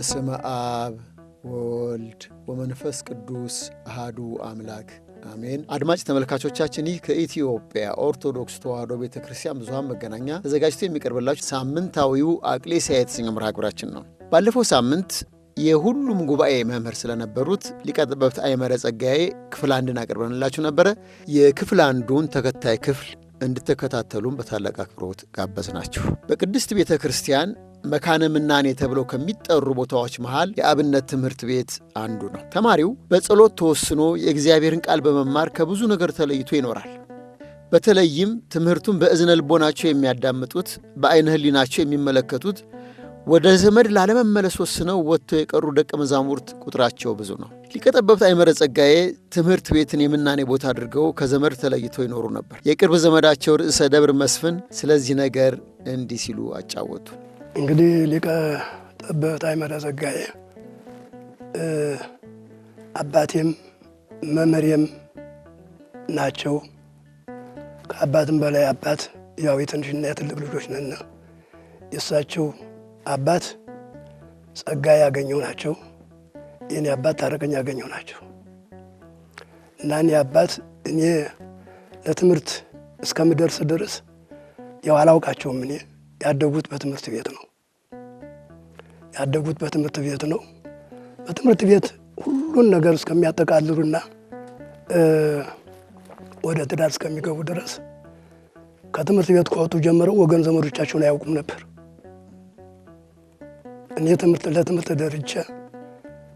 በስመ አብ ወወልድ ወመንፈስ ቅዱስ አህዱ አምላክ አሜን። አድማጭ ተመልካቾቻችን ይህ ከኢትዮጵያ ኦርቶዶክስ ተዋሕዶ ቤተ ክርስቲያን ብዙኃን መገናኛ ተዘጋጅቶ የሚቀርብላችሁ ሳምንታዊው አቅሌስያ የተሰኘ መርሃ ግብራችን ነው። ባለፈው ሳምንት የሁሉም ጉባኤ መምህር ስለነበሩት ሊቀ ጠበብት አይመረ ጸጋዬ ክፍል አንድን አቅርበንላችሁ ነበረ። የክፍል አንዱን ተከታይ ክፍል እንድትከታተሉም በታላቅ አክብሮት ጋበዝ ናችሁ። በቅድስት ቤተ ክርስቲያን መካነ ምናኔ ተብለው ከሚጠሩ ቦታዎች መሃል የአብነት ትምህርት ቤት አንዱ ነው። ተማሪው በጸሎት ተወስኖ የእግዚአብሔርን ቃል በመማር ከብዙ ነገር ተለይቶ ይኖራል። በተለይም ትምህርቱን በእዝነ ልቦናቸው የሚያዳምጡት፣ በአይነ ህሊናቸው የሚመለከቱት፣ ወደ ዘመድ ላለመመለስ ወስነው ወጥተው የቀሩ ደቀ መዛሙርት ቁጥራቸው ብዙ ነው። ሊቀጠበብት አይመረ ጸጋዬ ትምህርት ቤትን የምናኔ ቦታ አድርገው ከዘመድ ተለይተው ይኖሩ ነበር። የቅርብ ዘመዳቸው ርዕሰ ደብር መስፍን ስለዚህ ነገር እንዲህ ሲሉ አጫወቱ። እንግዲህ ሊቀ ጠበብት አዕመደ ጸጋዬ አባቴም መምህሬም ናቸው። ከአባትም በላይ አባት ያው የትንሽና የትልቅ ልጆች ነና የእሳቸው አባት ጸጋዬ ያገኘው ናቸው። የኔ አባት ታረቀኝ ያገኘው ናቸው እና እኔ አባት እኔ ለትምህርት እስከምደርስ ድረስ ያው አላውቃቸውም እኔ ያደጉት በትምህርት ቤት ነው። ያደጉት በትምህርት ቤት ነው። በትምህርት ቤት ሁሉን ነገር እስከሚያጠቃልሉና ወደ ትዳር እስከሚገቡ ድረስ ከትምህርት ቤት ከወጡ ጀምረው ወገን ዘመዶቻቸውን አያውቁም ነበር። እኔ ትምህርት ለትምህርት ደርቼ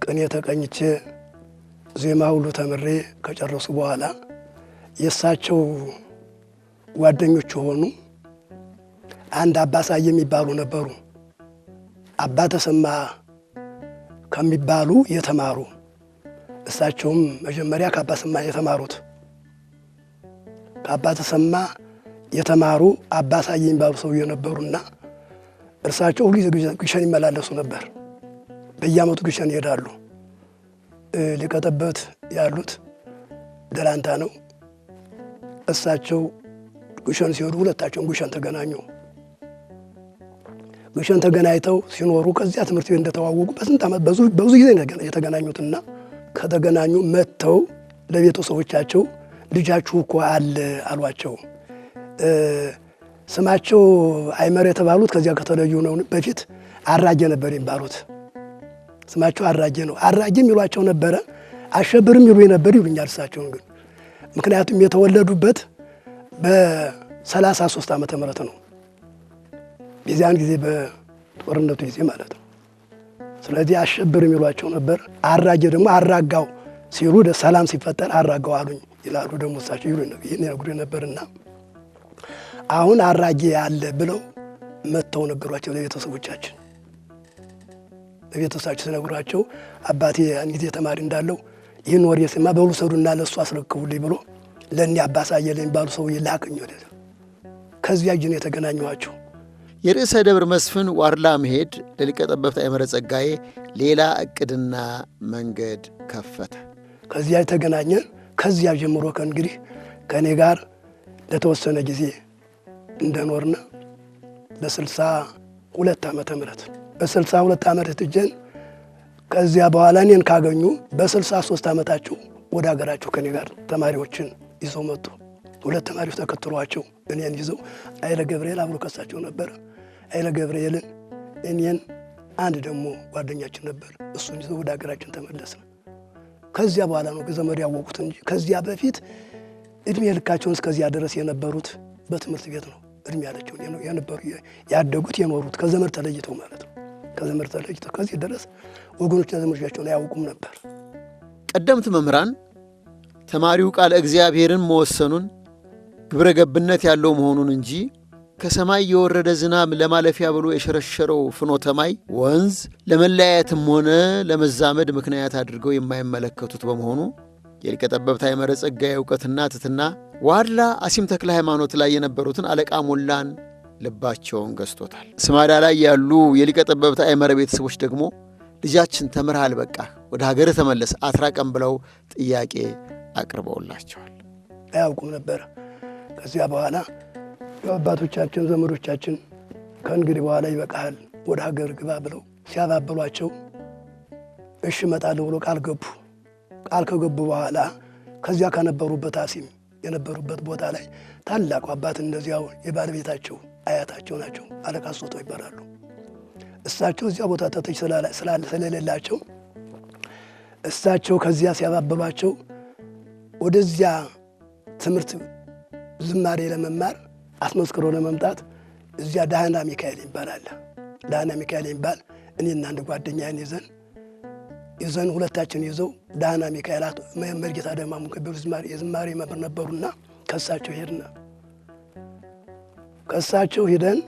ቅኔ ተቀኝቼ ዜማ ሁሉ ተምሬ ከጨረሱ በኋላ የእሳቸው ጓደኞች የሆኑ አንድ አባሳይ የሚባሉ ነበሩ። አባ ተሰማ ከሚባሉ የተማሩ እሳቸውም መጀመሪያ ከአባ ተሰማ የተማሩት ከአባ ተሰማ የተማሩ አባሳይ የሚባሉ ሰው የነበሩና እርሳቸው ሁሉ ግሸን ይመላለሱ ነበር። በየዓመቱ ግሸን ይሄዳሉ። ሊቀጠበት ያሉት ደላንታ ነው። እሳቸው ግሸን ሲሄዱ ሁለታቸውን ግሸን ተገናኙ። መቼም ተገናኝተው ሲኖሩ ከዚያ ትምህርት ቤት እንደተዋወቁ በስንት ዓመት በብዙ ጊዜ የተገናኙትና ከተገናኙ መጥተው ለቤተሰቦቻቸው ልጃችሁ እኮ አለ አሏቸው። ስማቸው አይመር የተባሉት ከዚያ ከተለዩ ነው። በፊት አራጌ ነበር የሚባሉት። ስማቸው አራጌ ነው። አራጌ የሚሏቸው ነበረ። አሸብርም ይሉ ነበር ይሉኛል እሳቸውን ግን ምክንያቱም የተወለዱበት በ33 ዓመተ ምህረት ነው የዚያን ጊዜ በጦርነቱ ጊዜ ማለት ነው። ስለዚህ አሸብር የሚሏቸው ነበር። አራጌ ደግሞ አራጋው ሲሉ ሰላም ሲፈጠር አራጋው አሉኝ ይላሉ ደግሞ እሳቸው ይሉ ይነግሩ ነበርና አሁን አራጌ ያለ ብለው መጥተው ነገሯቸው ለቤተሰቦቻችን። ለቤተሰቦቻችን ሲነግሯቸው አባቴ ያን ጊዜ ተማሪ እንዳለው ይህን ወሬ ስማ በሉ ሰዱና ለእሱ አስረክቡልኝ ብሎ ለእኔ አባሳየ ለሚባሉ ሰው ላከኝ ወደ ከዚያ ጅን የተገናኘኋቸው። የርዕሰ ደብር መስፍን ዋርላ መሄድ ለሊቀ ጠበብት ጸጋዬ ሌላ እቅድና መንገድ ከፈተ። ከዚያ የተገናኘ ከዚያ ጀምሮ ከእንግዲህ ከእኔ ጋር ለተወሰነ ጊዜ እንደኖርነ በስልሳ ሁለት ዓመተ ምህረት በስልሳ ሁለት ዓመት ትጀን ከዚያ በኋላ እኔን ካገኙ በስልሳ ሶስት ዓመታችሁ ወደ ሀገራቸው ከኔ ጋር ተማሪዎችን ይዘው መጡ። ሁለት ተማሪዎች ተከትሏቸው እኔን ይዘው አይለ ገብርኤል አብሮ ከሳቸው ነበረ። ኃይለ ገብርኤልን እኔን አንድ ደግሞ ጓደኛችን ነበር። እሱን ይዘው ወደ ሀገራችን ተመለስን። ከዚያ በኋላ ነው ዘመድ ያወቁት እንጂ ከዚያ በፊት እድሜ ልካቸውን እስከዚያ ድረስ የነበሩት በትምህርት ቤት ነው። እድሜ ያለቸውን የነበሩ ያደጉት የኖሩት ከዘመድ ተለይተው ማለት ነው። ከዘመድ ተለይተው ከዚህ ድረስ ወገኖችና ዘመዶቻቸውን አያውቁም ነበር። ቀደምት መምህራን ተማሪው ቃለ እግዚአብሔርን መወሰኑን ግብረ ገብነት ያለው መሆኑን እንጂ ከሰማይ የወረደ ዝናብ ለማለፊያ ብሎ የሸረሸረው ፍኖተ ማይ ወንዝ ለመለያየትም ሆነ ለመዛመድ ምክንያት አድርገው የማይመለከቱት በመሆኑ የሊቀ ጠበብት አይመረ ጸጋዬ እውቀትና ትትና ዋድላ አሲም ተክለ ሃይማኖት ላይ የነበሩትን አለቃ ሞላን ልባቸውን ገዝቶታል። ስማዳ ላይ ያሉ የሊቀ ጠበብት አይመረ ቤተሰቦች ደግሞ ልጃችን ተምርሃል፣ በቃ ወደ ሀገር ተመለስ አትራቀም ብለው ጥያቄ አቅርበውላቸዋል። አያውቁም ነበር። ከዚያ በኋላ አባቶቻችን ዘመዶቻችን ከእንግዲህ በኋላ ይበቃሃል ወደ ሀገር ግባ ብለው ሲያባበሏቸው እሺ እመጣለሁ ብሎ ቃል ገቡ። ቃል ከገቡ በኋላ ከዚያ ከነበሩበት አሲም የነበሩበት ቦታ ላይ ታላቁ አባት እንደዚያው የባለቤታቸው አያታቸው ናቸው፣ አለቃ ሶቶ ይባላሉ። እሳቸው እዚያ ቦታ ተተች ስለሌላቸው እሳቸው ከዚያ ሲያባበሏቸው ወደዚያ ትምህርት ዝማሬ ለመማር አስመስክሮ ለመምጣት እዚያ ዳህና ሚካኤል ይባላል። ዳህና ሚካኤል ይባል እኔና አንድ ጓደኛዬን ይዘን ይዘን ሁለታችን ይዘው ዳህና ሚካኤላት አቶ መርጌታ ደማሙ ከበሩ የዝማሬ መምህር ነበሩና ከሳቸው ሄድና ከሳቸው ሂደን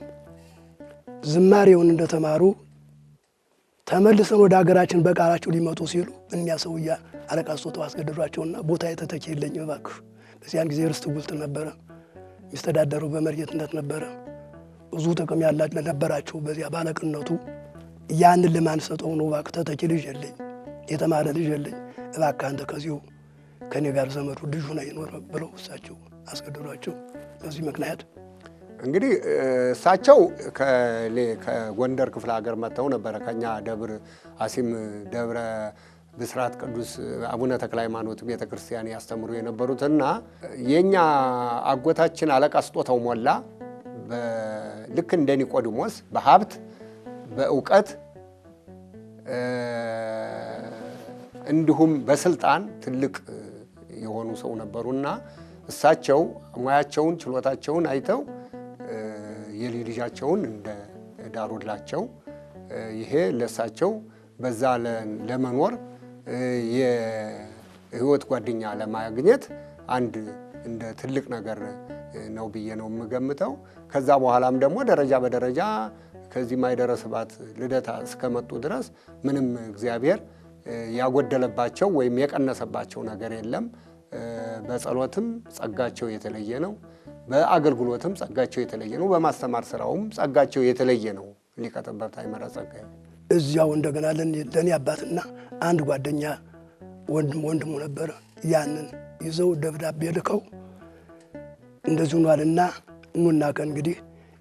ዝማሬውን እንደተማሩ ተመልሰን ወደ ሀገራችን በቃላቸው ሊመጡ ሲሉ እኒያ ሰውዬ አለቃ ሶተው አስገደዷቸውና ቦታ የተተኪ የለኝም እባክህ። በዚያን ጊዜ ርስት ጉልት ነበረ። የሚስተዳደሩ በመሪጌትነት ነበረ። ብዙ ጥቅም ያላችሁ ነበራችሁ። በዚያ ባለቅነቱ ያንን ለማንሰጠው ነው። እባክህ ተተኪ ልጅ የለኝ፣ የተማረ ልጅ የለኝ፣ እባክህ አንተ ከዚሁ ከእኔ ጋር ዘመዱ ልጅ ነው አይኖር ብለው እሳቸው አስገደዷቸው። በዚህ ምክንያት እንግዲህ እሳቸው ከጎንደር ክፍለ ሀገር መጥተው ነበረ ከኛ ደብር አሲም ደብረ ብስራት ቅዱስ አቡነ ተክለ ሃይማኖት ቤተ ክርስቲያን ያስተምሩ የነበሩትና የእኛ አጎታችን አለቃ ስጦተው ሞላ ልክ እንደ ኒቆዲሞስ በሀብት በእውቀት እንዲሁም በስልጣን ትልቅ የሆኑ ሰው ነበሩና እሳቸው ሙያቸውን ችሎታቸውን አይተው የልጅ ልጃቸውን እንደ ዳሩላቸው ይሄ ለእሳቸው በዛ ለመኖር የህይወት ጓደኛ ለማግኘት አንድ እንደ ትልቅ ነገር ነው ብዬ ነው የምገምተው። ከዛ በኋላም ደግሞ ደረጃ በደረጃ ከዚህ ማይደረስባት ልደታ እስከመጡ ድረስ ምንም እግዚአብሔር ያጎደለባቸው ወይም የቀነሰባቸው ነገር የለም። በጸሎትም ጸጋቸው የተለየ ነው። በአገልግሎትም ጸጋቸው የተለየ ነው። በማስተማር ስራውም ጸጋቸው የተለየ ነው። ሊቀ ጠበብት አይመረ ጸጋዬ እዚያው እንደገና ለእኔ አባትና አንድ ጓደኛ ወንድም ወንድሙ ነበር ያንን ይዘው ደብዳቤ ልከው እንደዚሁ ኗልና ኑና ከእንግዲህ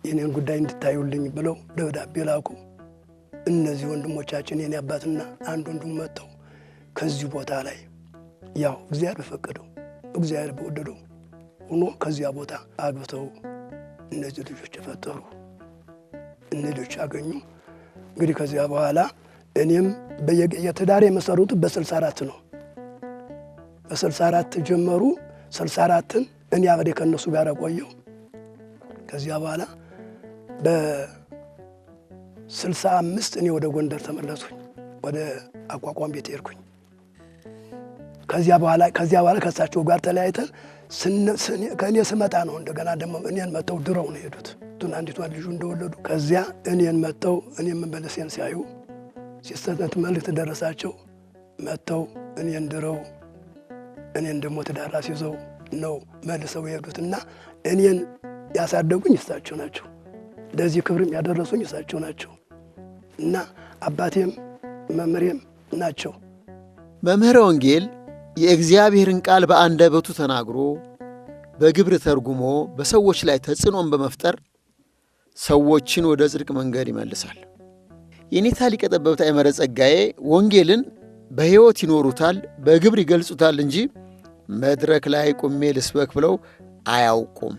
የኔን ጉዳይ እንድታዩልኝ ብለው ደብዳቤ ላኩ። እነዚህ ወንድሞቻችን የኔ አባትና አንድ ወንድሙ መጥተው ከዚህ ቦታ ላይ ያው እግዚአብሔር በፈቀደው እግዚአብሔር በወደደው ሆኖ ከዚያ ቦታ አግብተው እነዚህ ልጆች የፈጠሩ እነ ልጆች አገኙ። እንግዲህ ከዚያ በኋላ እኔም የትዳር የመሰሩት በ64 ነው። በ በ64 ጀመሩ። 64 64ን እኔ አብሬ ከነሱ ጋር ቆየው። ከዚያ በኋላ በ65 እኔ ወደ ጎንደር ተመለስኩኝ። ወደ አቋቋም ቤት ሄድኩኝ። ከዚያ በኋላ ከእሳቸው ጋር ተለያይተን ከእኔ ስመጣ ነው እንደገና ደግሞ እኔን መጥተው ድረው ነው የሄዱት። ቱን አንዲቷን ልጁ እንደወለዱ ከዚያ እኔን መጥተው እኔ መመለሴን ሲያዩ ሲስተት መልእክት ደረሳቸው። መጥተው እኔን ድረው እኔን ደግሞ ትዳራ ሲይዘው ነው መልሰው የሄዱት እና እኔን ያሳደጉኝ እሳቸው ናቸው። ለዚህ ክብርም ያደረሱኝ እሳቸው ናቸው እና አባቴም መምህሬም ናቸው። መምህረ ወንጌል የእግዚአብሔርን ቃል በአንደበቱ ተናግሮ በግብር ተርጉሞ በሰዎች ላይ ተጽዕኖን በመፍጠር ሰዎችን ወደ ጽድቅ መንገድ ይመልሳል። የኔታ ሊቀ ጠበብት አይመረ ጸጋዬ ወንጌልን በሕይወት ይኖሩታል፣ በግብር ይገልጹታል እንጂ መድረክ ላይ ቁሜ ልስበክ ብለው አያውቁም።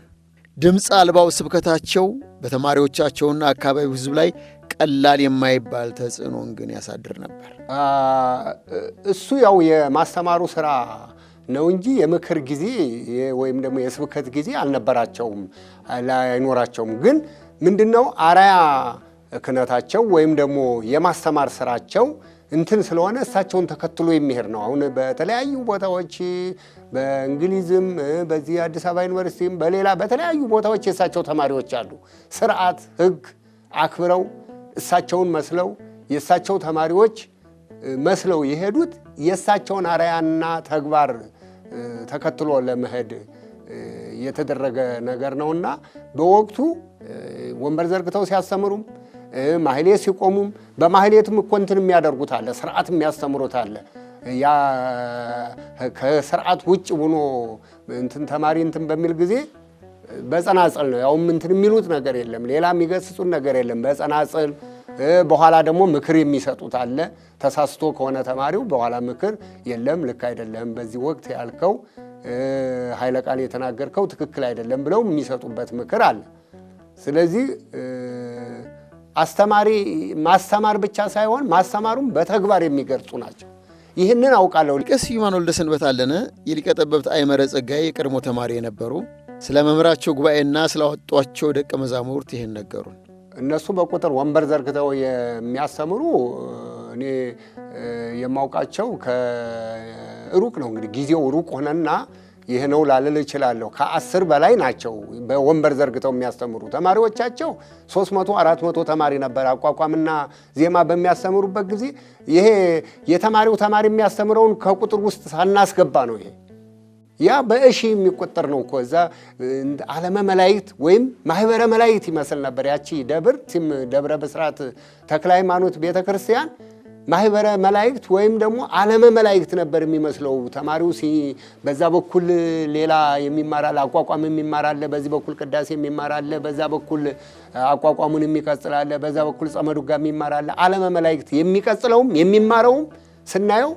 ድምፅ አልባው ስብከታቸው በተማሪዎቻቸውና አካባቢው ሕዝብ ላይ ቀላል የማይባል ተጽዕኖን ግን ያሳድር ነበር። እሱ ያው የማስተማሩ ስራ ነው እንጂ የምክር ጊዜ ወይም ደግሞ የስብከት ጊዜ አልነበራቸውም፣ አይኖራቸውም። ግን ምንድነው አራያ ክነታቸው ወይም ደግሞ የማስተማር ስራቸው እንትን ስለሆነ እሳቸውን ተከትሎ የሚሄድ ነው። አሁን በተለያዩ ቦታዎች በእንግሊዝም፣ በዚህ አዲስ አበባ ዩኒቨርሲቲም፣ በሌላ በተለያዩ ቦታዎች የእሳቸው ተማሪዎች አሉ። ስርዓት ህግ አክብረው እሳቸውን መስለው የእሳቸው ተማሪዎች መስለው የሄዱት የእሳቸውን አርያና ተግባር ተከትሎ ለመሄድ የተደረገ ነገር ነውና በወቅቱ ወንበር ዘርግተው ሲያስተምሩም ማህሌ ሲቆሙም በማህሌትም እኮ እንትን የሚያደርጉት አለ፣ ስርዓት የሚያስተምሩት አለ። ያ ከስርዓት ውጭ ሆኖ እንትን ተማሪ እንትን በሚል ጊዜ በጸናጽል ነው ያውም እንትን የሚሉት ነገር የለም፣ ሌላ የሚገስጹት ነገር የለም። በጸናጽል በኋላ ደግሞ ምክር የሚሰጡት አለ። ተሳስቶ ከሆነ ተማሪው በኋላ ምክር የለም፣ ልክ አይደለም፣ በዚህ ወቅት ያልከው ኃይለ ቃል የተናገርከው ትክክል አይደለም ብለው የሚሰጡበት ምክር አለ። ስለዚህ አስተማሪ ማስተማር ብቻ ሳይሆን ማስተማሩም በተግባር የሚገልጹ ናቸው። ይህንን አውቃለሁ። ሊቀ ስዩማን ወልደሰንበት አለነ የሊቀ ጠበብት አይመረ ጸጋዬ የቀድሞ ተማሪ የነበሩ ስለ መምህራቸው ጉባኤና ስላወጧቸው ደቀ መዛሙርት ይህን ነገሩን። እነሱ በቁጥር ወንበር ዘርግተው የሚያስተምሩ እኔ የማውቃቸው ከሩቅ ነው እንግዲህ ጊዜው ሩቅ ሆነና ይህ ነው ላልል እችላለሁ። ከአስር በላይ ናቸው በወንበር ዘርግተው የሚያስተምሩ ተማሪዎቻቸው ሦስት መቶ አራት መቶ ተማሪ ነበር። አቋቋምና ዜማ በሚያስተምሩበት ጊዜ ይሄ የተማሪው ተማሪ የሚያስተምረውን ከቁጥር ውስጥ ሳናስገባ ነው ይሄ ያ በእሺ የሚቆጠር ነው እኮ እዛ ዓለመ መላይት ወይም ማህበረ መላይት ይመስል ነበር። ያቺ ደብር ሲም ደብረ ብስራት ተክለ ሃይማኖት ቤተ ክርስቲያን ማህበረ መላይክት ወይም ደግሞ ዓለመ መላይክት ነበር የሚመስለው። ተማሪው በዛ በኩል ሌላ የሚማራል አቋቋም የሚማራለ፣ በዚህ በኩል ቅዳሴ የሚማራለ፣ በዛ በኩል አቋቋሙን የሚቀጽላለ፣ በዛ በኩል ጸመዱጋ የሚማራለ። ዓለመ መላይክት የሚቀጽለውም የሚማረውም ስናየው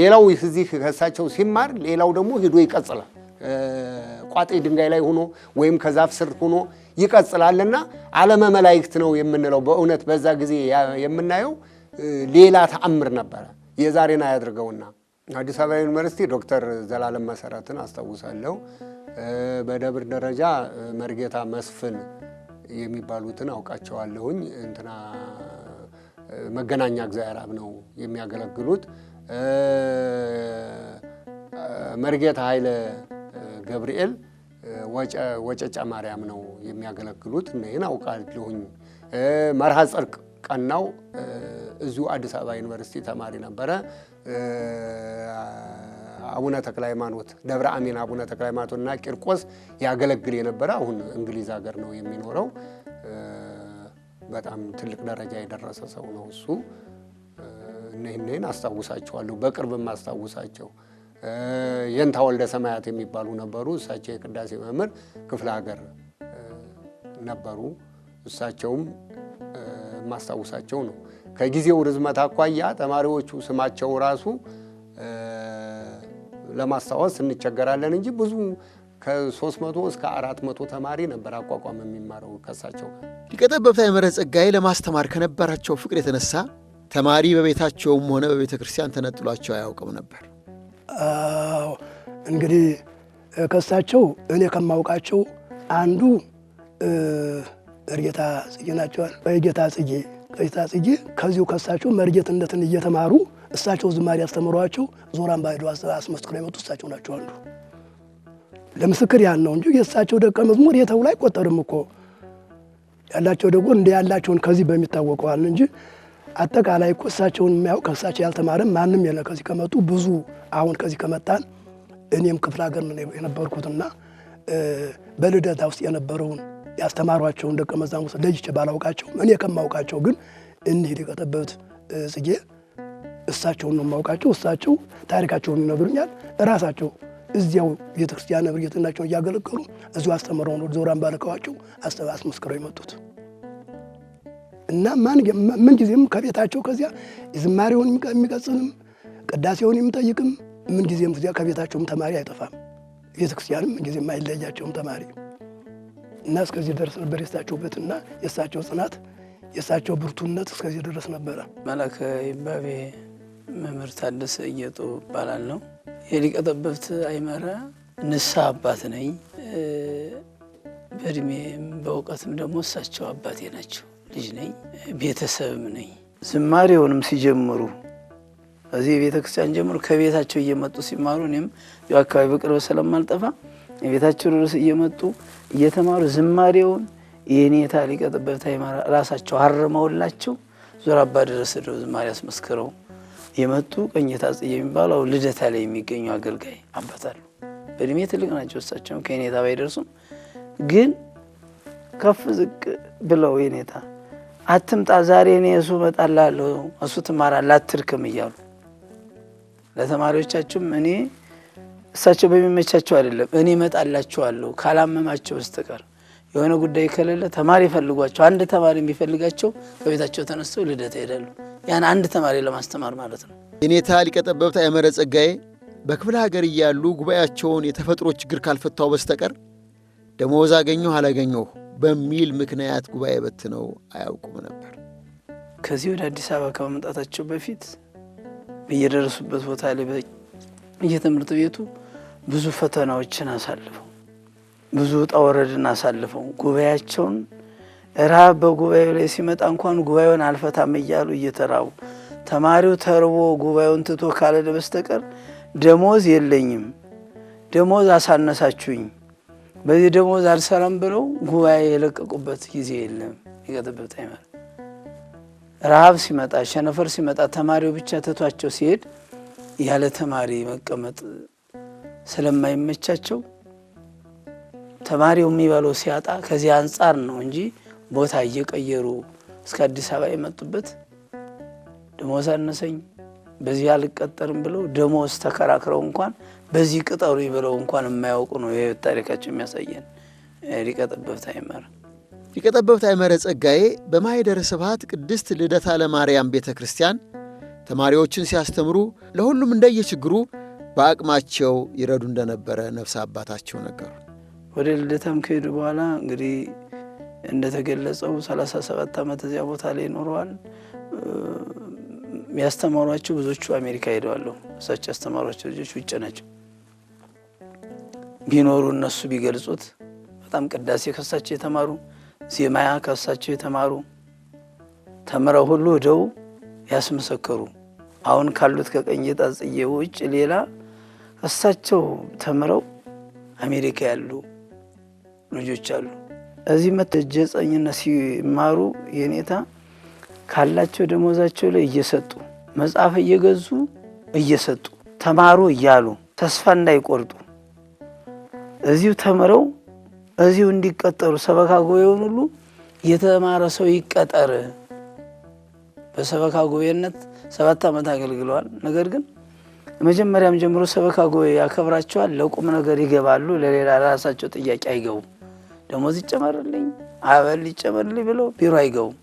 ሌላው እዚህ ከእሳቸው ሲማር ሌላው ደግሞ ሂዶ ይቀጽላል። ቋጤ ድንጋይ ላይ ሆኖ ወይም ከዛፍ ስር ሆኖ ይቀጽላልና ዓለመ መላእክት ነው የምንለው። በእውነት በዛ ጊዜ የምናየው ሌላ ተአምር ነበረ። የዛሬን አያድርገውና አዲስ አበባ ዩኒቨርሲቲ ዶክተር ዘላለም መሰረትን አስታውሳለሁ። በደብር ደረጃ መርጌታ መስፍን የሚባሉትን አውቃቸዋለሁኝ። እንትና መገናኛ እግዚአብሔር አብ ነው የሚያገለግሉት። መርጌታ ኃይለ ገብርኤል ወጨጫ ማርያም ነው የሚያገለግሉት። ይህን አውቃለሁኝ። መርሃ ጽድቅ ቀናው እዚሁ አዲስ አበባ ዩኒቨርሲቲ ተማሪ ነበረ። አቡነ ተክለ ሃይማኖት ደብረ አሚን አቡነ ተክለ ሃይማኖትና ቂርቆስ ያገለግል የነበረ አሁን እንግሊዝ ሀገር ነው የሚኖረው። በጣም ትልቅ ደረጃ የደረሰ ሰው ነው እሱ። እነህን አስታውሳቸዋለሁ። በቅርብም አስታውሳቸው የንታ ወልደ ሰማያት የሚባሉ ነበሩ። እሳቸው የቅዳሴ መምህር ክፍለ ሀገር ነበሩ። እሳቸውም የማስታውሳቸው ነው። ከጊዜው ርዝመት አኳያ ተማሪዎቹ ስማቸው ራሱ ለማስታወስ እንቸገራለን እንጂ ብዙ ከ300 እስከ 400 ተማሪ ነበር አቋቋም የሚማረው ከሳቸው ሊቀ ጠበብት አይመረ ጸጋዬ ለማስተማር ከነበራቸው ፍቅር የተነሳ ተማሪ በቤታቸውም ሆነ በቤተ ክርስቲያን ተነጥሏቸው አያውቅም ነበር። እንግዲህ ከሳቸው እኔ ከማውቃቸው አንዱ እርጌታ ጽጌ ናቸዋል። እርጌታ ጽጌ ቀይታ ጽጌ ከዚሁ ከሳቸው መርጌትነትን እየተማሩ እሳቸው ዝማሪ ያስተምሯቸው ዞራን ባዶ አስመስክሮ የመጡ እሳቸው ናቸው አንዱ ለምስክር ያን ነው እንጂ የእሳቸው ደቀ መዝሙር የተውላ አይቆጠርም እኮ ያላቸው ደግሞ እንደ ያላቸውን ከዚህ በሚታወቀዋል እንጂ አጠቃላይ እኮ እሳቸውን የሚያውቅ ከእሳቸው ያልተማረ ማንም የለ። ከዚህ ከመጡ ብዙ አሁን ከዚህ ከመጣን እኔም ክፍለ ሀገር የነበርኩትና በልደታ ውስጥ የነበረውን ያስተማሯቸውን ደቀ መዛሙርት ለይቼ ባላውቃቸው እኔ ከማውቃቸው ግን እኒህ ሊቀ ጠበት ጽጌ እሳቸውን ነው የማውቃቸው። እሳቸው ታሪካቸውን ይነግሩኛል። እራሳቸው እዚያው ቤተክርስቲያን ብርጌትናቸውን እያገለገሉ እዚሁ አስተምረው ነው ዞራን ባለቀዋቸው አስመስክረው የመጡት። እና ምን ጊዜም ከቤታቸው ከዚያ ዝማሬውን የሚቀጽልም ቅዳሴውን የሚጠይቅም ምን ጊዜም ከዚያ ከቤታቸውም ተማሪ አይጠፋም። ቤተ ክርስቲያንም ምን ጊዜም አይለያቸውም ተማሪ እና እስከዚህ ደረስ ነበር የሳቸው በትና የእሳቸው ጽናት የእሳቸው ብርቱነት እስከዚህ ድረስ ነበረ። መላከ ይባቤ መምህር ታደሰ እየጡ ነው የሊቀ ጠበብት አይመራ ንሳ አባት ነኝ። በእድሜም በእውቀትም ደግሞ እሳቸው አባቴ ናቸው። ልጅ ነኝ፣ ቤተሰብም ነኝ። ዝማሬውንም ሲጀምሩ እዚህ የቤተ ክርስቲያን ጀምሩ ከቤታቸው እየመጡ ሲማሩ እኔም አካባቢ በቅርብ ስለማልጠፋ የቤታቸው ድረስ እየመጡ እየተማሩ ዝማሬውን የኔታ ሊቀ ጠበብት ራሳቸው አርመውላቸው ዞር አባ ድረስ ድረው ዝማሬ አስመስክረው የመጡ ቀኝታ ጽ የሚባሉ ልደታ ላይ የሚገኙ አገልጋይ አባታሉ አሉ። በእድሜ ትልቅ ናቸው። እሳቸውም ከኔታ ባይደርሱም ግን ከፍ ዝቅ ብለው የኔታ አትምጣ ዛሬ እኔ እሱ እመጣልሃለሁ እሱ ትማራለህ አትድክም እያሉ ለተማሪዎቻችሁም እኔ እሳቸው በሚመቻቸው አይደለም እኔ እመጣላችኋለሁ ካላመማቸው በስተቀር የሆነ ጉዳይ ከሌለ ተማሪ ይፈልጓቸው። አንድ ተማሪ የሚፈልጋቸው ከቤታቸው ተነስተው ልደት ይሄዳሉ። ያን አንድ ተማሪ ለማስተማር ማለት ነው። የኔታ ሊቀ ጠበብት አእመረ ጸጋዬ በክፍለ ሀገር እያሉ ጉባኤያቸውን የተፈጥሮ ችግር ካልፈታው በስተቀር ደሞዝ አገኘሁ አላገኘሁ በሚል ምክንያት ጉባኤ በትነው አያውቁም ነበር። ከዚህ ወደ አዲስ አበባ ከመምጣታቸው በፊት በየደረሱበት ቦታ ላይ በየትምህርት ቤቱ ብዙ ፈተናዎችን አሳልፈው ብዙ ውጣ ወረድን አሳልፈው ጉባኤያቸውን ረሃብ በጉባኤው ላይ ሲመጣ እንኳን ጉባኤውን አልፈታም እያሉ እየተራቡ ተማሪው ተርቦ ጉባኤውን ትቶ ካልሄደ በስተቀር ደሞዝ የለኝም፣ ደሞዝ አሳነሳችሁኝ በዚህ ደሞዝ አልሰራም ብለው ጉባኤ የለቀቁበት ጊዜ የለም። ይገጥበት አይመር ረሃብ ሲመጣ ሸነፈር ሲመጣ ተማሪው ብቻ ተቷቸው ሲሄድ ያለ ተማሪ መቀመጥ ስለማይመቻቸው ተማሪው የሚበለው ሲያጣ ከዚህ አንጻር ነው እንጂ ቦታ እየቀየሩ እስከ አዲስ አበባ የመጡበት ደሞዝ አነሰኝ፣ በዚህ አልቀጠርም ብለው ደሞዝ ተከራክረው እንኳን በዚህ ቅጠሩ ብለው እንኳን የማያውቁ ነው። ይህ ታሪካቸው የሚያሳየን ሊቀ ጠበብት አይመረ ሊቀ ጠበብት አይመረ ጸጋዬ በማኅደረ ስብሐት ቅድስት ልደታ ለማርያም ቤተ ክርስቲያን ተማሪዎችን ሲያስተምሩ ለሁሉም እንደየችግሩ በአቅማቸው ይረዱ እንደነበረ ነፍሰ አባታቸው ነገሩ። ወደ ልደታም ከሄዱ በኋላ እንግዲህ እንደተገለጸው 37 ዓመት እዚያ ቦታ ላይ ይኖረዋል። ያስተማሯቸው ብዙዎቹ አሜሪካ ሄደዋለሁ። እሳቸው ያስተማሯቸው ልጆች ውጭ ናቸው። ቢኖሩ እነሱ ቢገልጹት በጣም ቅዳሴ ከሳቸው የተማሩ ዜማያ ከሳቸው የተማሩ ተምረው ሁሉ ደው ያስመሰከሩ አሁን ካሉት ከቀኝ የጣጽዬ ውጭ ሌላ እሳቸው ተምረው አሜሪካ ያሉ ልጆች አሉ። እዚህ መተጀ ጸኝነት ሲማሩ የኔታ ካላቸው ደሞዛቸው ላይ እየሰጡ መጽሐፍ እየገዙ እየሰጡ ተማሩ እያሉ ተስፋ እንዳይቆርጡ እዚሁ ተምረው እዚሁ እንዲቀጠሩ ሰበካ ጉባኤውን ሁሉ የተማረ ሰው ይቀጠር። በሰበካ ጉባኤነት ሰባት ዓመት አገልግለዋል። ነገር ግን መጀመሪያም ጀምሮ ሰበካ ጉባኤ ያከብራቸዋል። ለቁም ነገር ይገባሉ። ለሌላ ራሳቸው ጥያቄ አይገቡም። ደሞዝ ይጨመርልኝ፣ አበል ይጨመርልኝ ብለው ቢሮ አይገቡም።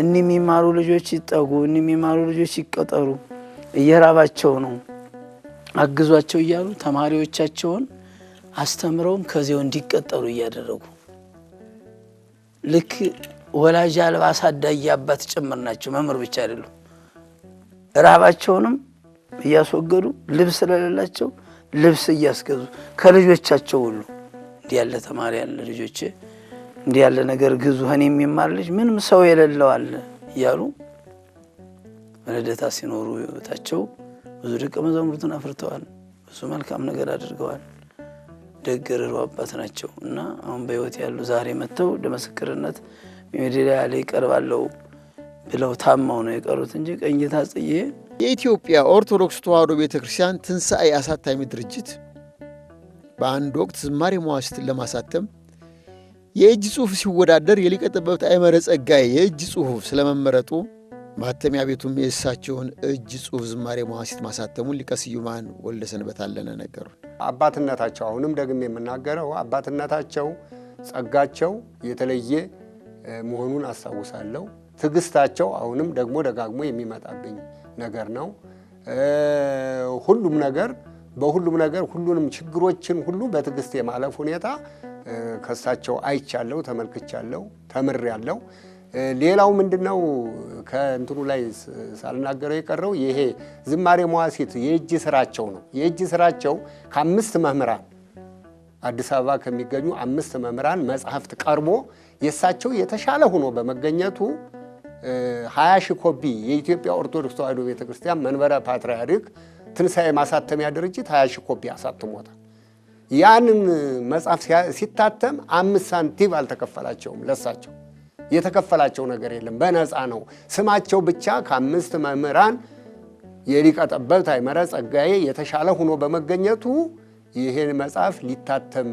እኒህ የሚማሩ ልጆች ይጠጉ፣ እኒህ የሚማሩ ልጆች ይቀጠሩ፣ እየራባቸው ነው፣ አግዟቸው እያሉ ተማሪዎቻቸውን አስተምረውም ከዚያው እንዲቀጠሉ እያደረጉ ልክ ወላጅ አልባ አሳዳጊ አባት ጭምር ናቸው። መምህር ብቻ አይደሉም። ራባቸውንም እያስወገዱ ልብስ ስለሌላቸው ልብስ እያስገዙ ከልጆቻቸው ሁሉ እንዲህ ያለ ተማሪ ያለ ልጆች እንዲህ ያለ ነገር ግዙህን የሚማር ልጅ ምንም ሰው የሌለው አለ እያሉ በልደታ ሲኖሩ ህይወታቸው ብዙ ደቀ መዛሙርትን አፍርተዋል። ብዙ መልካም ነገር አድርገዋል። ደግ ርሩ አባት ናቸው እና አሁን በህይወት ያሉ ዛሬ መጥተው ለምስክርነት ሜዲያ ላይ ይቀርባለው ብለው ታማው ነው የቀሩት እንጂ ቀኝታ ጽዬ የኢትዮጵያ ኦርቶዶክስ ተዋህዶ ቤተ ክርስቲያን ትንሣኤ አሳታሚ ድርጅት በአንድ ወቅት ዝማሬ መዋሥዕትን ለማሳተም የእጅ ጽሑፍ ሲወዳደር የሊቀ ጠበብት አይመረ ጸጋዬ የእጅ ጽሑፍ ስለመመረጡ ማተሚያ ቤቱም የእሳቸውን እጅ ጽሑፍ ዝማሬ መዋሥዕት ማሳተሙን ሊቀ ስዩማን ወልደሰንበት አለነ ነገሩን። አባትነታቸው አሁንም ደግሜ የምናገረው አባትነታቸው ጸጋቸው የተለየ መሆኑን አስታውሳለሁ። ትዕግስታቸው አሁንም ደግሞ ደጋግሞ የሚመጣብኝ ነገር ነው። ሁሉም ነገር በሁሉም ነገር ሁሉንም ችግሮችን ሁሉ በትዕግስት የማለፍ ሁኔታ ከሳቸው አይቻለሁ፣ ተመልክቻለሁ፣ ተምሬያለሁ። ሌላው ምንድነው ከእንትኑ ላይ ሳልናገረው የቀረው ይሄ ዝማሬ መዋሲት የእጅ ስራቸው ነው። የእጅ ስራቸው ከአምስት መምህራን አዲስ አበባ ከሚገኙ አምስት መምህራን መጽሐፍት ቀርቦ የእሳቸው የተሻለ ሆኖ በመገኘቱ ሀያ ሺ ኮፒ የኢትዮጵያ ኦርቶዶክስ ተዋሕዶ ቤተክርስቲያን መንበረ ፓትርያርክ ትንሣኤ ማሳተሚያ ድርጅት ሀያ ሺህ ኮፒ አሳትሞታል። ያንን መጽሐፍ ሲታተም አምስት ሳንቲም አልተከፈላቸውም ለሳቸው የተከፈላቸው ነገር የለም፣ በነፃ ነው። ስማቸው ብቻ ከአምስት መምህራን የሊቀ ጠበብት አይመረ ጸጋዬ የተሻለ ሆኖ በመገኘቱ ይህን መጽሐፍ ሊታተም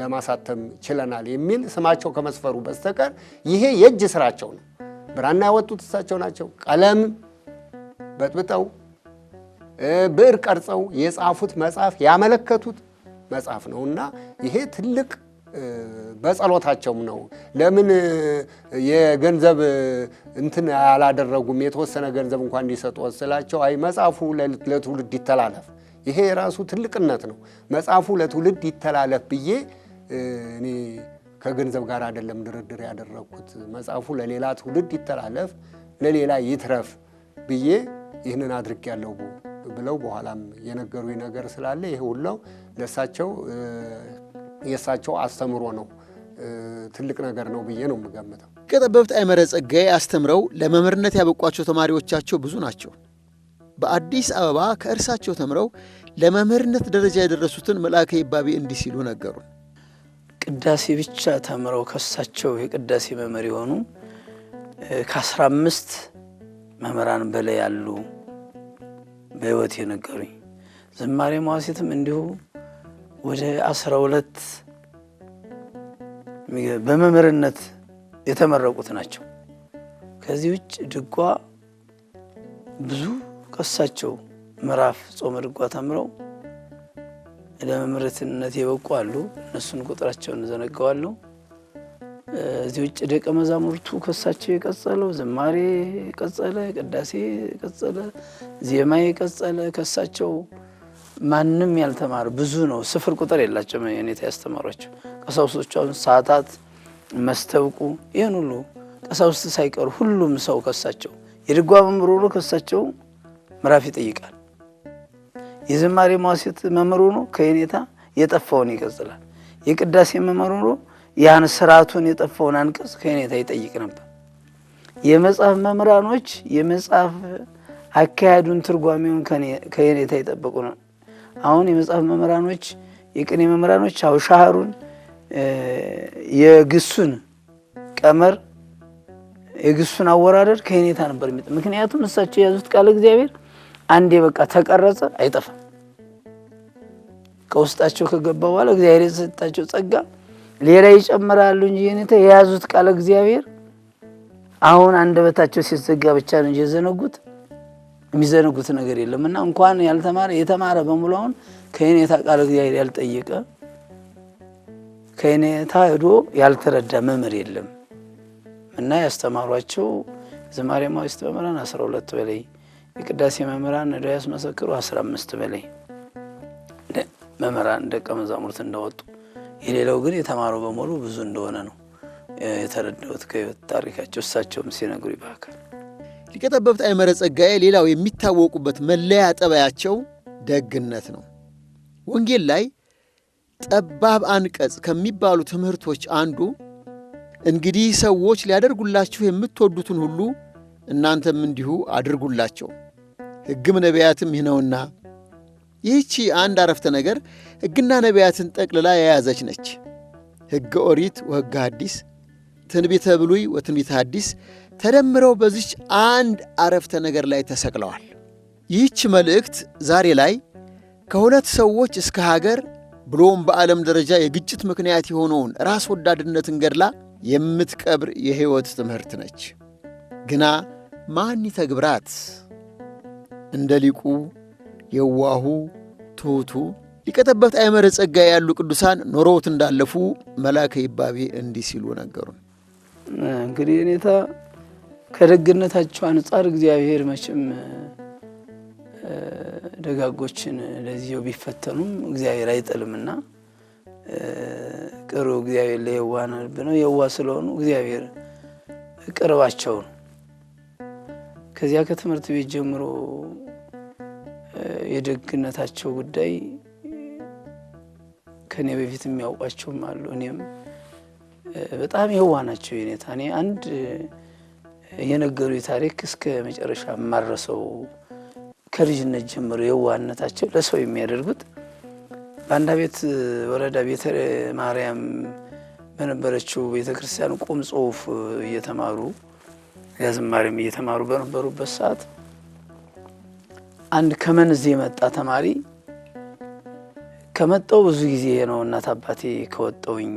ለማሳተም ችለናል የሚል ስማቸው ከመስፈሩ በስተቀር ይሄ የእጅ ስራቸው ነው። ብራና ያወጡት እሳቸው ናቸው። ቀለም በጥብጠው ብዕር ቀርጸው የጻፉት መጽሐፍ ያመለከቱት መጽሐፍ ነውና ይሄ ትልቅ በጸሎታቸውም ነው። ለምን የገንዘብ እንትን አላደረጉም? የተወሰነ ገንዘብ እንኳን እንዲሰጡ ስላቸው፣ አይ መጽሐፉ ለትውልድ ይተላለፍ። ይሄ የራሱ ትልቅነት ነው። መጽሐፉ ለትውልድ ይተላለፍ ብዬ እኔ ከገንዘብ ጋር አይደለም ድርድር ያደረግኩት። መጽሐፉ ለሌላ ትውልድ ይተላለፍ፣ ለሌላ ይትረፍ ብዬ ይህንን አድርግ አድርጌያለሁ ብለው በኋላም የነገሩኝ ነገር ስላለ ይሄ ሁላው ለእሳቸው የእሳቸው አስተምሮ ነው ትልቅ ነገር ነው ብዬ ነው የምገምተው። ከጠበብት አይመረ ጸጋዬ አስተምረው ለመምህርነት ያበቋቸው ተማሪዎቻቸው ብዙ ናቸው። በአዲስ አበባ ከእርሳቸው ተምረው ለመምህርነት ደረጃ የደረሱትን መልአከ ይባቤ እንዲህ ሲሉ ነገሩ። ቅዳሴ ብቻ ተምረው ከእሳቸው የቅዳሴ መምህር የሆኑ ከአስራ አምስት መምህራን በላይ ያሉ በህይወት የነገሩኝ። ዝማሬ መዋሴትም እንዲሁ ወደ አስራ ሁለት በመምህርነት የተመረቁት ናቸው። ከዚህ ውጭ ድጓ ብዙ ከሳቸው ምዕራፍ ጾመ ድጓ ተምረው ለመምህርትነት የበቁ አሉ። እነሱን ቁጥራቸውን ዘነገዋለሁ። እዚህ ውጭ ደቀ መዛሙርቱ ከሳቸው የቀጸለው ዝማሬ የቀጸለ፣ ቅዳሴ የቀጸለ፣ ዜማ የቀጸለ ከሳቸው ማንም ያልተማረ ብዙ ነው። ስፍር ቁጥር የላቸውም። የኔታ ያስተማሯቸው ቀሳውስቶቹ አሁን ሰዓታት መስተብቁ ይህን ሁሉ ቀሳውስት ሳይቀሩ ሁሉም ሰው ከሳቸው የድጓ መምህር ሆኖ ከሳቸው ምዕራፍ ይጠይቃል። የዝማሬ መዋሥዕት መምህር ሆኖ ከየኔታ የጠፋውን ይቀጽላል። የቅዳሴ መምህር ሆኖ ያን ስርዓቱን የጠፋውን አንቀጽ ከየኔታ ይጠይቅ ነበር። የመጽሐፍ መምህራኖች የመጽሐፍ አካሄዱን ትርጓሜውን ከየኔታ ይጠበቁ ነው አሁን የመጽሐፍ መምህራኖች፣ የቅኔ መምህራኖች አው ሻህሩን የግሱን ቀመር የግሱን አወራረድ ከኔታ ነበር የሚጥ ምክንያቱም እሳቸው የያዙት ቃል እግዚአብሔር አንዴ በቃ ተቀረጸ አይጠፋም። ከውስጣቸው ከገባ በኋላ እግዚአብሔር የሰጣቸው ጸጋ ሌላ ይጨምራሉ እንጂ የኔታ የያዙት ቃል እግዚአብሔር አሁን አንደበታቸው ሲዘጋ ብቻ ነው እንጂ የዘነጉት የሚዘነጉት ነገር የለም እና እንኳን ያልተማረ የተማረ በሙሉ አሁን ከየኔታ ቃል እግዚአብሔር ያልጠየቀ ከየኔታ ሄዶ ያልተረዳ መምህር የለም እና ያስተማሯቸው ዝማሬ ማዊስት መምህራን አስራ ሁለት በላይ የቅዳሴ መምህራን ሄደው ያስመሰክሩ አስራ አምስት በላይ መምህራን ደቀ መዛሙርት እንደወጡ የሌለው ግን የተማረው በሙሉ ብዙ እንደሆነ ነው የተረዳሁት ከህይወት ታሪካቸው እሳቸውም ሲነግሩ ይባካል። ሊቀ ጠበብት አይመረ ጸጋዬ ሌላው የሚታወቁበት መለያ ጠባያቸው ደግነት ነው። ወንጌል ላይ ጠባብ አንቀጽ ከሚባሉ ትምህርቶች አንዱ እንግዲህ ሰዎች ሊያደርጉላችሁ የምትወዱትን ሁሉ እናንተም እንዲሁ አድርጉላቸው፣ ሕግም ነቢያትም ይህ ነውና። ይህቺ አንድ አረፍተ ነገር ሕግና ነቢያትን ጠቅልላ የያዘች ነች። ሕገ ኦሪት ወሕገ ሐዲስ፣ ትንቢተ ብሉይ ወትንቢተ ሐዲስ ተደምረው በዚች አንድ አረፍተ ነገር ላይ ተሰቅለዋል። ይህች መልእክት ዛሬ ላይ ከሁለት ሰዎች እስከ ሀገር ብሎም በዓለም ደረጃ የግጭት ምክንያት የሆነውን ራስ ወዳድነትን ገድላ የምትቀብር የሕይወት ትምህርት ነች። ግና ማን ይተግብራት? እንደ ሊቁ የዋሁ ትሑቱ ሊቀ ጠበብት አእመረ ያሉ ቅዱሳን ኖረውት እንዳለፉ መላከ ይባቤ እንዲህ ሲሉ ነገሩን። እንግዲህ እኔታ ከደግነታቸው አንጻር እግዚአብሔር መቼም ደጋጎችን ለዚው ቢፈተኑም እግዚአብሔር አይጥልምና ቅሩ እግዚአብሔር ለየዋህ ልብ ነው። የዋ ስለሆኑ እግዚአብሔር ቅርባቸው ነው። ከዚያ ከትምህርት ቤት ጀምሮ የደግነታቸው ጉዳይ ከእኔ በፊት የሚያውቋቸውም አሉ። እኔም በጣም የዋ ናቸው የኔታ እኔ አንድ የነገሩ ታሪክ እስከ መጨረሻ የማረሰው ከልጅነት ጀምሮ የዋህነታቸው ለሰው የሚያደርጉት በአንዳ ቤት ወረዳ ቤተ ማርያም በነበረችው ቤተ ክርስቲያን ቁም ጽሁፍ እየተማሩ ያዝማሪም እየተማሩ በነበሩበት ሰዓት አንድ ከመንዝ የመጣ ተማሪ ከመጣው ብዙ ጊዜ ነው እናት አባቴ ከወጠውኝ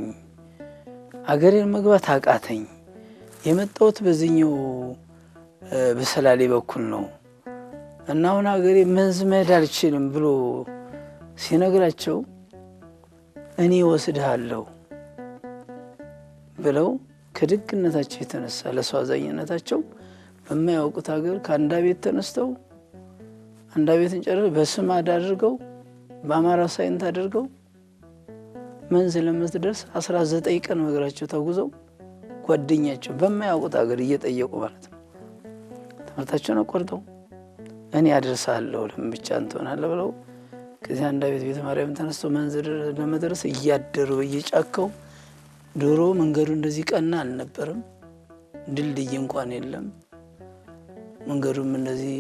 አገሬን መግባት አቃተኝ የመጣሁት በዚህኛው በሰላሌ በኩል ነው እና አሁን ሀገሬ መሄድ አልችልም ብሎ ሲነግራቸው እኔ ወስድሃለሁ ብለው ከድግነታቸው የተነሳ ለሰው አዛኝነታቸው በማያውቁት ሀገር ከአንዳ ቤት ተነስተው አንዳ ቤትን ጨርሰው በስም አድርገው በአማራ ሳይንት አድርገው መንዝ ለምትደርስ 19 ቀን መግራቸው ተጉዘው ጓደኛቸው በማያውቁት ሀገር እየጠየቁ ማለት ነው። ትምህርታቸውን አቋርጠው እኔ አደርሳለሁ ለምን ብቻ እንትሆናለህ ብለው ከዚያ አንዳ ቤት ቤተ ማርያም ተነስቶ መንዝር ለመድረስ እያደሩ እየጫከው ድሮ መንገዱ እንደዚህ ቀና አልነበርም። ድልድይ እንኳን የለም። መንገዱም እንደዚህ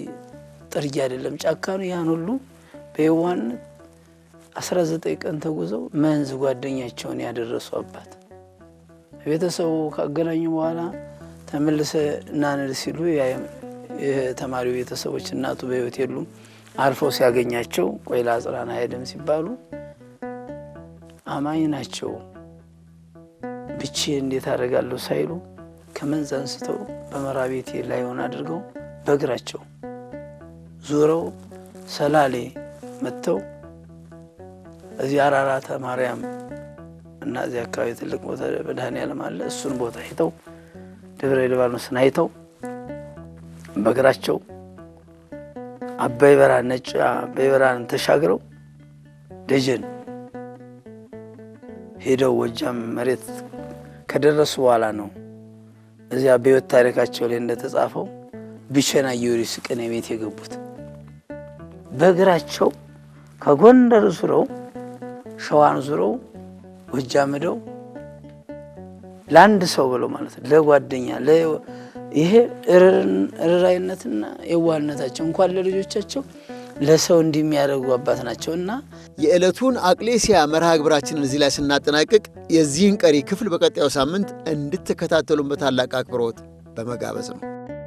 ጥርጊ አይደለም። ጫካ ነው። ያን ሁሉ በየዋነት አስራ ዘጠኝ ቀን ተጉዘው መንዝ ጓደኛቸውን ያደረሱ አባት ቤተሰቡ ካገናኙ በኋላ ተመልሰ እናንል ሲሉ የተማሪው ቤተሰቦች እናቱ በህይወት የሉም አርፈው ሲያገኛቸው ቆይ ለአጽራን አይደም ሲባሉ አማኝ ናቸው ብቼ እንዴት አደርጋለሁ ሳይሉ ከመንዝ አንስተው በመራ ቤቴ ላይሆን አድርገው በእግራቸው ዙረው ሰላሌ መጥተው እዚህ አራራተ ማርያም እና እዚህ አካባቢ ትልቅ ቦታ መድኃኔዓለም አለ። እሱን ቦታ አይተው ደብረ ሊባኖስን አይተው በእግራቸው አባይ በረሃ ነጭ አባይ በረሃን ተሻግረው ደጀን ሄደው ወጃም መሬት ከደረሱ በኋላ ነው እዚያ በሕይወት ታሪካቸው ላይ እንደተጻፈው ብቸና ጊዮርጊስ ቅኔ ቤት የገቡት በእግራቸው ከጎንደር ዙረው ሸዋን ዙረው ጎጃ ምደው ለአንድ ሰው ብሎ ማለት ነው ለጓደኛ ይሄ ርራይነትና የዋህነታቸው እንኳን ለልጆቻቸው ለሰው እንዲህ የሚያደርጉ አባት እና የዕለቱን አቅሌሲያ መርሃ ግብራችንን እዚህ ላይ ስናጠናቅቅ የዚህን ቀሪ ክፍል በቀጣዩ ሳምንት እንድትከታተሉን በታላቅ አክብሮት በመጋበዝ ነው።